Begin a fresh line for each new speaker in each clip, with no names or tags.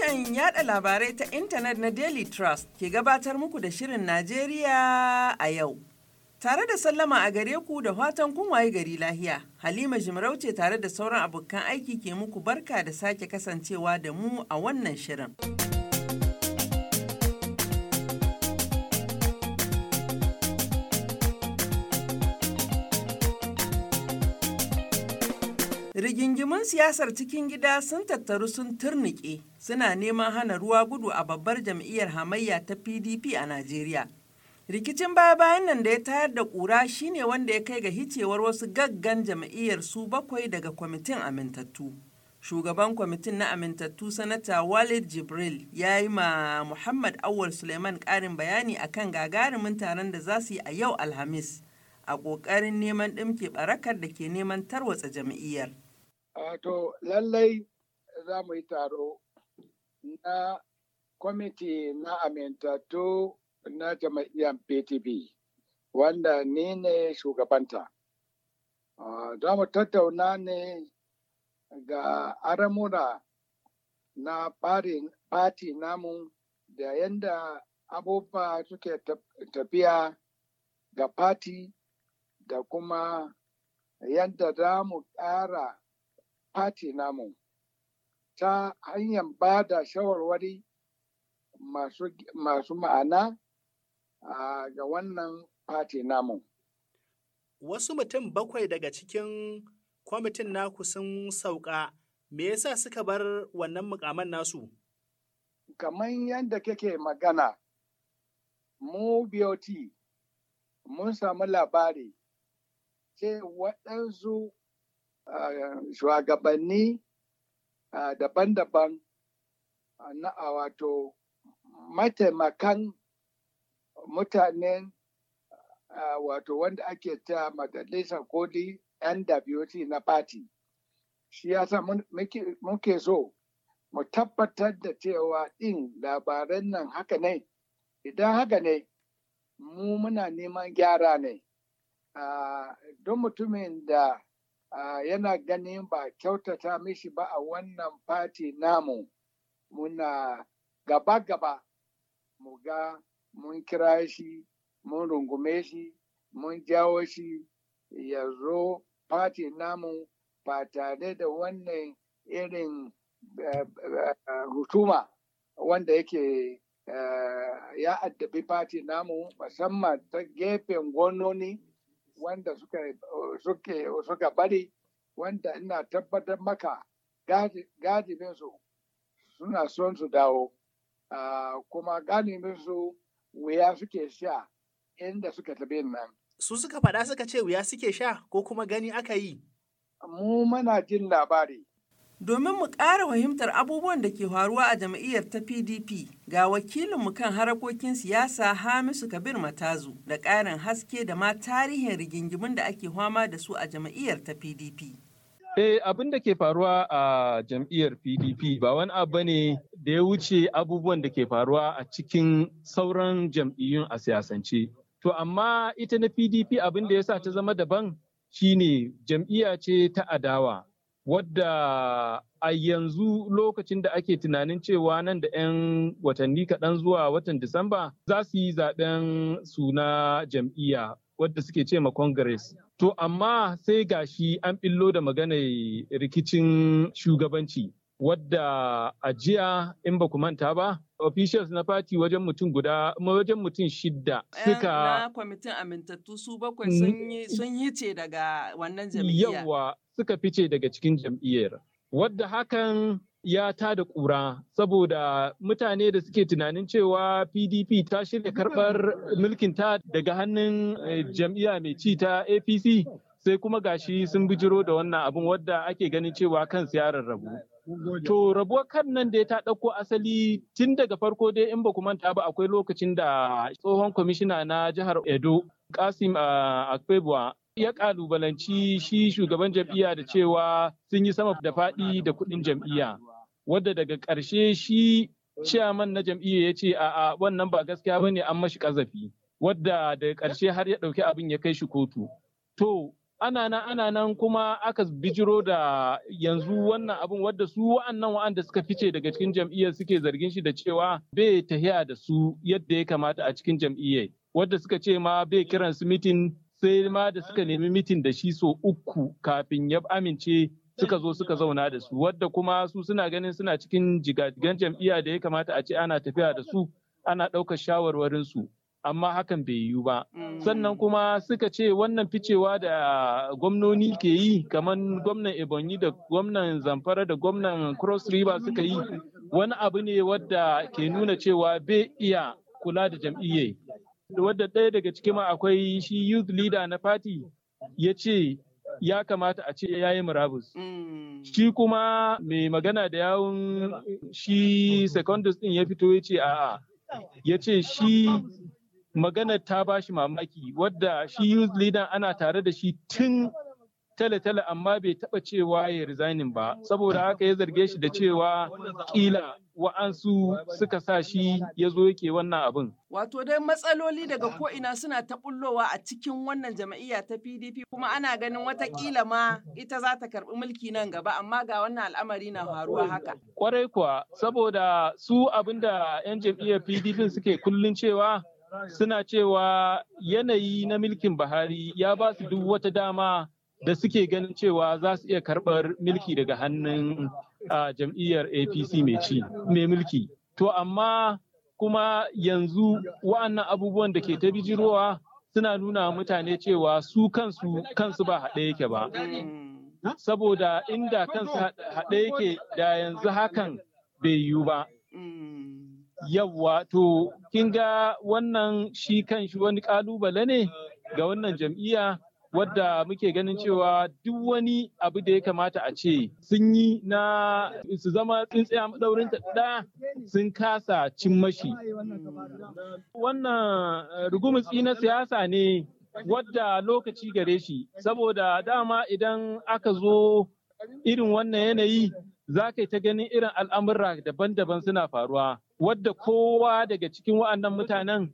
Sashen yada labarai ta intanet na Daily Trust ke gabatar muku da Shirin Najeriya a yau. Tare da sallama a gare ku da fatan kun waye gari lahiya, Halima Jimarauce tare da sauran abokan aiki ke muku barka da sake kasancewa da mu a wannan shirin. Rigingimun siyasar cikin gida sun tattaru sun turnike suna neman hana ruwa gudu a babbar jam'iyyar hamayya ta PDP a Najeriya. Rikicin baya-bayan nan da ya tayar da ƙura shine wanda ya kai ga hicewar wasu gaggan jam'iyyar su bakwai daga kwamitin amintattu. Shugaban kwamitin na amintattu sanata Walid Jibril ya yi ma Muhammad Awal Suleiman ƙarin bayani akan gagarumin taron da za su yi a yau Alhamis a ƙoƙarin neman ɗimke barakar da ke neman tarwatsa jam'iyyar. to lallai
za mu yi taro na kwamiti na amintattu na jama'iyyar PTB wanda ni ne shugabanta. Za mu tattauna ne ga aramura na fati namu da yadda abubuwa suke tafiya ga fati da kuma yadda za mu ƙara fati namu ta hanyar ba da shawarwari masu ma'ana ga wannan fati namu. Wasu mutum bakwai daga cikin kwamitin naku sun sauka, me yasa suka bar wannan mukaman nasu? Kamar yadda kake magana, mu biyoti mun samu labari ce waɗansu shugabanni Ah, daban-daban ah, na ah, wato mataimakan mutanen wato wanda ake ta majalisar koli nwt na party shi ya sa muke so mu tabbatar da cewa ɗin labaran nan haka ne idan haka ne mu muna neman gyara ne don mutumin da yana ganin ba kyautata mishi ba a wannan fati namu muna gaba-gaba mu ga mun kira shi mun rungume shi mun jawo shi ya zo fati namu ba tare da wannan irin eh, eh, eh, hutuma wanda yake ya addabi fati namu musamman ta gefen gononi wanda suka suke suka bari wanda ina tabbatar maka galibin su suna son su dawo ah, kuma galibin su wuya suke sha inda suka tabi nan su suka faɗa suka ce wuya suke sha ko kuma gani aka yi
mu mana jin labari Domin mu ƙara fahimtar abubuwan da ke faruwa a jam'iyyar ta PDP ga wakilinmu kan harakokin siyasa Hamisu Kabir Matazu da ƙarin haske da ma tarihin rigingimun da ake fama da su a jam'iyyar ta PDP.
Eh abin da ke faruwa a jam'iyyar PDP ba wani abu ne da ya wuce abubuwan da ke faruwa a cikin sauran jam'iyyun a siyasance. To amma ita na PDP abin da ya sa ta zama daban shine jam'iyya ce ta adawa wadda a yanzu lokacin da ake tunanin cewa nan da 'yan watanni kaɗan zuwa watan Disamba za su yi zaɓen suna jam'iyya wadda suke ce ma Congress. To amma sai gashi an ɓillo da maganar rikicin shugabanci. wadda a jiya in ba ku manta ba officials na fati wajen mutum guda wajen mutum shidda eh, suka na
kwamitin amintattu su bakwai sun yi mm. ce daga wannan jam'iyyar
yawa suka fice daga cikin jam'iyyar wadda hakan ya ta da ƙura saboda mutane da suke tunanin cewa pdp ta shirya karɓar mulkinta daga hannun eh, jam'iyya mai ci ta apc sai kuma gashi sun bijiro da wannan abin wadda ake ganin cewa kan ya rarrabu To rabuwar kan nan da ta ɗauko asali tun daga farko dai in ba ku manta ba akwai lokacin da tsohon kwamishina na jihar Edo Kasim ah, Akpebwa ya kalubalanci shi shugaban jam'iyya da cewa sun yi sama da faɗi da kuɗin jam'iyya. Wadda daga ƙarshe shi ciyaman na jam'iyya ya ce a'a wannan ba gaskiya ba ne an mashi ƙazafi. Wadda daga ƙarshe har ya ɗauki abin ya kai shi kotu. To ana nan ana nan kuma aka bijiro da yanzu wannan abin wadda su wa'annan wa'anda suka fice daga cikin jam'iyyar suke zargin shi da cewa bai tahiya da su yadda ya kamata a cikin jam'iyyar wadda suka ce ma bai kiran su mitin sai ma da suka nemi mitin da shi so uku kafin ya amince suka zo suka zauna da su wadda kuma su suna ganin suna cikin jigajigan jam'iyya da ya kamata a ce ana tafiya da su ana ɗaukar shawarwarin su amma hakan bai yiwu ba mm. sannan kuma suka ce wannan ficewa da gwamnoni ke yi kamar gwamnan ebonyi da gwamnan zamfara da gwamnan cross river suka yi wani abu ne wadda ke nuna cewa bai iya kula da jam'iyyai wadda ɗaya daga cikin akwai shi youth leader na party ya ce ya kamata a ce ya yi murabus. Mm. Shi kuma mai magana da yawun shi secondus din ya fito ya ce a'a. Ya ce shi maganar ta ba shi mamaki wadda shi youth leader ana tare da shi tun tale-tale amma bai taba cewa ya resignin ba saboda haka ya zarge shi da cewa kila wa'ansu suka sa shi ya zo yake wannan abin.
Wato dai matsaloli daga ko'ina suna ta bullowa a cikin wannan jama'iyya ta PDP kuma ana ganin watakila ma ita za ta karɓi mulki nan gaba amma ga wannan al'amari na faruwa haka.
Kwarai kuwa saboda su abinda 'yan jam'iyyar PDP suke kullun cewa suna cewa yanayi na milkin Buhari ya ba su duk wata dama da suke ganin cewa za su iya karɓar milki daga hannun jam'iyyar APC mai milki. To amma kuma yanzu wa'annan abubuwan da ke ta bijirowa suna nuna mutane cewa su kansu kansu ba haɗe yake ba. Saboda inda kansu haɗe yake da yanzu hakan bai yiwu ba. Mm. Yawwa to kin ga wannan shi kan shi wani kalubale ne ga wannan jam'iyya wadda muke ganin cewa duk wani abu da ya kamata a ce sun yi na su zama tsintsiya maɗaurin ɗa sun kasa cin mashi. Wannan eh, rugumutsi na siyasa ne wadda lokaci gare shi saboda dama idan aka zo irin wannan yanayi za ka yi ta ganin irin al'amura daban-daban suna faruwa. wadda kowa daga cikin wa'annan mutanen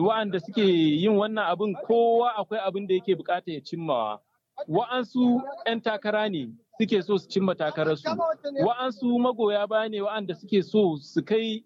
wa'anda suke yin wannan abin kowa akwai abin da yake bukata ya cimmawa wa'ansu 'yan takara ne suke so su cimma takararsu wa'ansu magoya ba ne wa'anda suke so su kai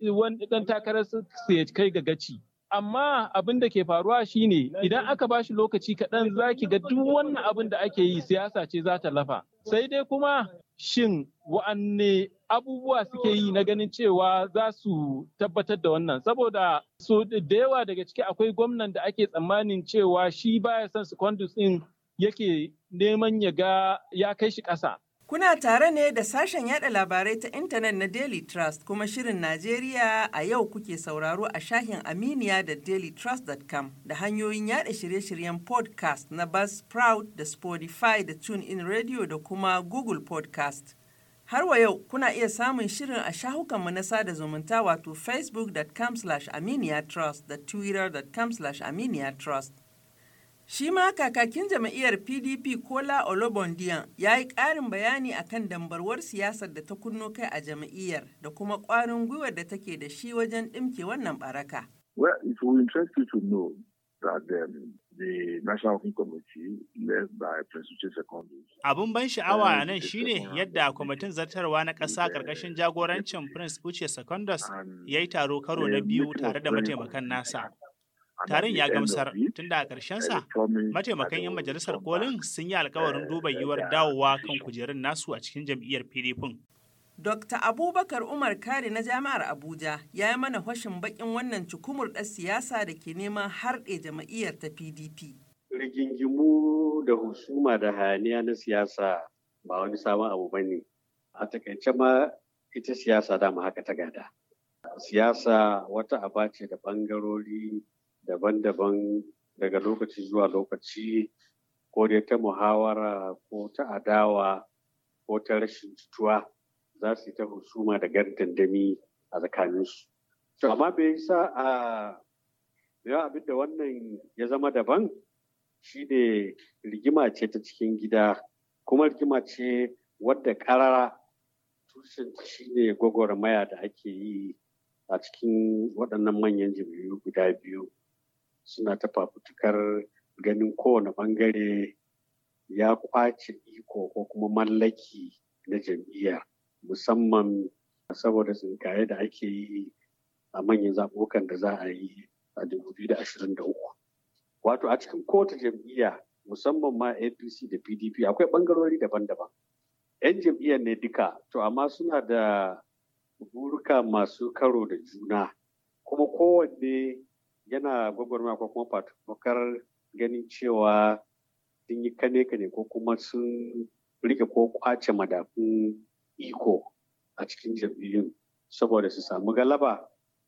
ɗan takarar su ya kai ga gaci amma abin da ke faruwa shine idan aka ba shi lokaci kaɗan za ki ga duk wannan abin da ake yi siyasa ce za ta lafa sai dai kuma shin wa'anne abubuwa suke yi na ganin cewa za su tabbatar da wannan saboda su da yawa daga ciki akwai gwamnan da ake
tsammanin cewa shi baya son secondus din yake neman ya ga ya kai shi ƙasa Kuna tare ne da sashen yada labarai ta intanet na Daily Trust kuma Shirin Najeriya a yau kuke sauraro a shahin Aminiya da dailytrust.com da hanyoyin yada shirye-shiryen podcast na Buzzsprout da Spotify da TuneIn Radio da kuma Google Podcast. Har wa yau kuna iya samun shirin a shahukanmu na sada zumunta wato facebook.com/aminiya trust da twitter.com/aminiya trust. Shi ma kakakin jam'iyyar PDP Kola Olobondiyan ya yi ƙarin bayani akan dambarwar siyasar da ta kunno kai a jam'iyyar da kuma ƙwarin gwiwar da take da shi wajen ɗimke wannan baraka.
Um,
Abin
ban sha'awa a nan shine yadda kwamitin zartarwa na ƙasa ƙarƙashin jagorancin Prince Uche Secondus ya yi taro karo na biyu tare da mataimakan nasa. Tarin ya gamsar tunda a ƙarshensa mataimakan 'yan majalisar kolin sun yi alkawarin duba yiwuwar dawowa kan kujerun nasu a cikin jam'iyyar PDP.
Dr. Abubakar Umar Kare na Jami'ar Abuja ya yi mana hoshin bakin wannan cukumur ɗan siyasa da ke neman harɗe jama'iyyar ta PDP.
Rigingimu da husuma da hayaniya na siyasa ba wani sabon abu ba ne. A takaice ma ita siyasa dama haka ta gada. Siyasa wata aba ce da ɓangarori daban-daban daga lokaci zuwa lokaci ko dai ta muhawara ko ta adawa ko ta rashin jituwa za su yi ta husuma da dandami a tsakaninsu. Amma me yasa a yawa abin da wannan ya zama daban shi ne rigima ce ta cikin gida kuma rigima ce wadda karara tushen shi ne gwagwarmaya da ake yi a cikin waɗannan manyan jam'iyyu guda biyu. suna ta fafutukar ganin kowane ɓangare ya kwace iko ko kuma mallaki na jam'iyya musamman saboda tsinkaye da ake yi a manyan zaɓukan da za a yi a 2023. Wato a cikin kowace jam'iyya musamman ma APC da PDP akwai ɓangarori daban-daban. 'Yan jam'iyyar ne duka, to amma suna da burka masu karo da juna, kuma kowanne yana gwagwarmaya ko kuma fatukar ganin cewa sun yi kane kane ko kuma sun riƙe ko kwace madafun iko a cikin jam'iyyun saboda su samu galaba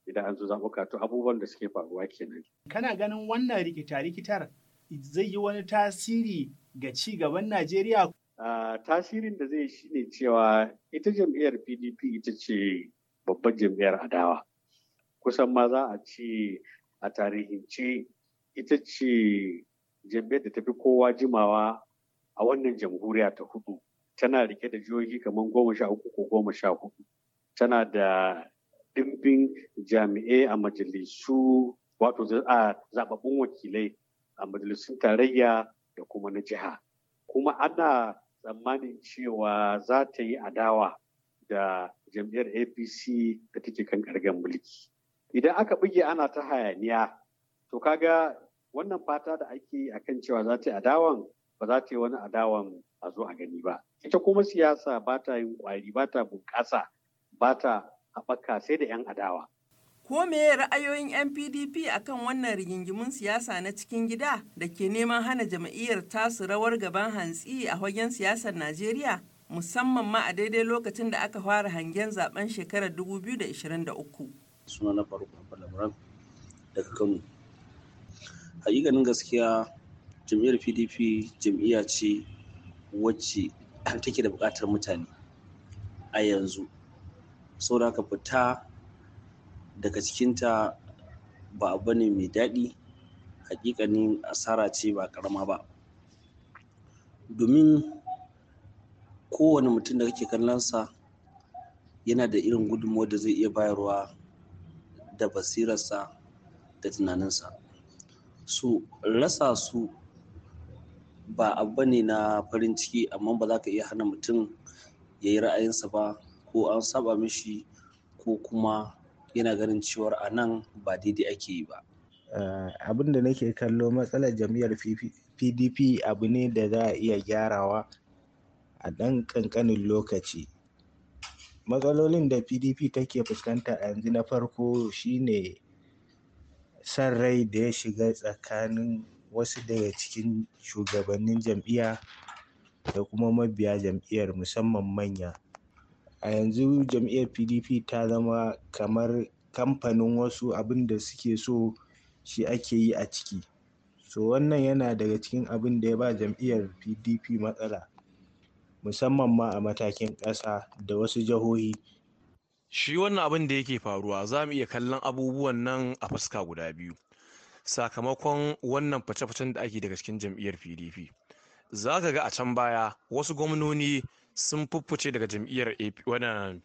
idan an zo zaɓuka to abubuwan da suke faruwa kenan.
Kana ganin wannan
rikita-rikitar zai yi wani tasiri ga ci gaban Najeriya? Tasirin da zai shi ne cewa ita jam'iyyar PDP ita ce babban jam'iyyar adawa. Kusan ma za a ce a tarihince ita ce jami'ar da tafi kowa jimawa a wannan jamhuriya ta hudu tana rike da jihohi kamar goma sha uku ko goma sha hudu tana da dimbin jami'ai a majalisu wato a zababbun wakilai a majalisun tarayya da kuma na jiha kuma ana tsammanin cewa za ta yi adawa da jam'iyyar apc da take kan kargan mulki idan aka buge ana ta hayaniya to kaga wannan fata da ake yi akan cewa za ta yi adawan ba za ta yi wani adawan a zo a gani ba ita kuma siyasa ba ta yin kwari ba ta bunƙasa ba ta haɓaka sai da 'yan adawa
ko me ra'ayoyin NPDP pdp akan wannan rigingimun siyasa na cikin gida da ke neman hana jam'iyyar tasu rawar gaban hantsi a wajen siyasar najeriya musamman ma a daidai lokacin da aka fara hangen zaben shekarar 2023 suna na faruk labaran daga kano hakikanin gaskiya jam'iyyar pdp jam'iyya ce wacce take da buƙatar mutane a yanzu saboda ka fita daga cikinta ba abu ne mai daɗi hakikanin asara ce ba karama ba domin kowane mutum da kake sa yana da irin gudunmawar da zai iya bayarwa da basirarsa da tunaninsa su rasa su ba abu ne na farin ciki amma ba za ka iya hana mutum ya yi ra'ayinsa ba ko an saba mishi ko kuma yana ganin cewar a nan ba daidai ake yi ba
eh, abin da nake kallo matsalar jam'iyyar pdp abu ne da za a iya gyarawa a ɗan ƙanƙanin lokaci matsalolin da pdp take fuskanta a yanzu na farko shine san rai da ya shiga tsakanin wasu daga cikin shugabannin jam'iyya da kuma mabiya jam'iyyar musamman manya a yanzu jam'iyyar pdp ta zama kamar kamfanin wasu abin da suke so shi ake yi a ciki so wannan yana daga cikin abin da ya ba jam'iyyar pdp matsala musamman ma a matakin ƙasa da wasu jihohi
shi wannan abin da yake faruwa za mu iya kallon abubuwan nan a fuska guda biyu sakamakon wannan fice-ficen da ake daga cikin jam'iyyar pdp za ka ga a can baya wasu gwamnoni sun fuffuce daga jam'iyyar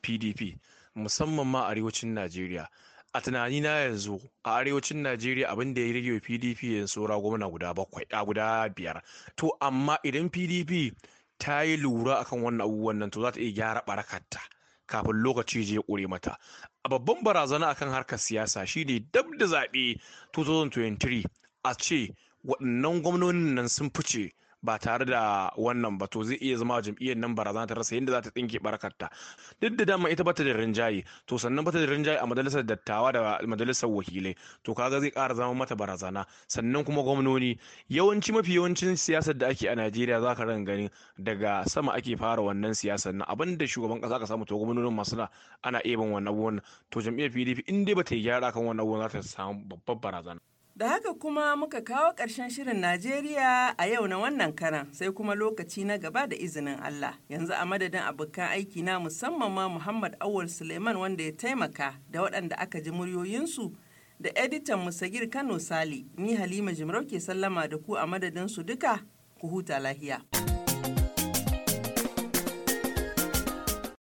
pdp musamman ma arewacin najeriya a tunani na yanzu a arewacin najeriya abin da ya rage pdp yanzu saura gwamna guda bakwai a guda biyar to amma idan pdp ta yi lura akan wannan abubuwan nan to za ta iya gyara barakarta kafin lokaci je ya ƙure mata a babban barazana akan harkar siyasa shine dab da zaɓe 2023 a ce waɗannan gwamnonin nan sun fice ba tare da wannan ba to zai iya zama jam'iyyar nan barazana ta rasa yadda za ta tsinke barkarta duk da dama ita bata da rinjaye to sannan bata da rinjaye a majalisar dattawa da majalisar wakilai to kaga zai ƙara zama mata barazana sannan kuma gwamnoni yawanci mafi yawancin siyasar da ake a Najeriya za ka ran gani daga sama ake fara wannan siyasar na abin da shugaban ƙasa ka samu to gwamnonin masu na ana iya wannan abubuwan to jam'iyyar PDP in dai bata yi gyara kan wannan abubuwan za ta samu babbar barazana
Da haka kuma muka kawo ƙarshen shirin Najeriya a yau na wannan karan sai kuma lokaci na gaba da izinin Allah. Yanzu a madadin abokan aiki na musamman ma Muhammad Awul Suleiman wanda ya taimaka da waɗanda aka ji muryoyinsu da editan Musagir Kano Sali, ni Halima Jimarau ke sallama da ku a madadin su duka ku huta lahiya.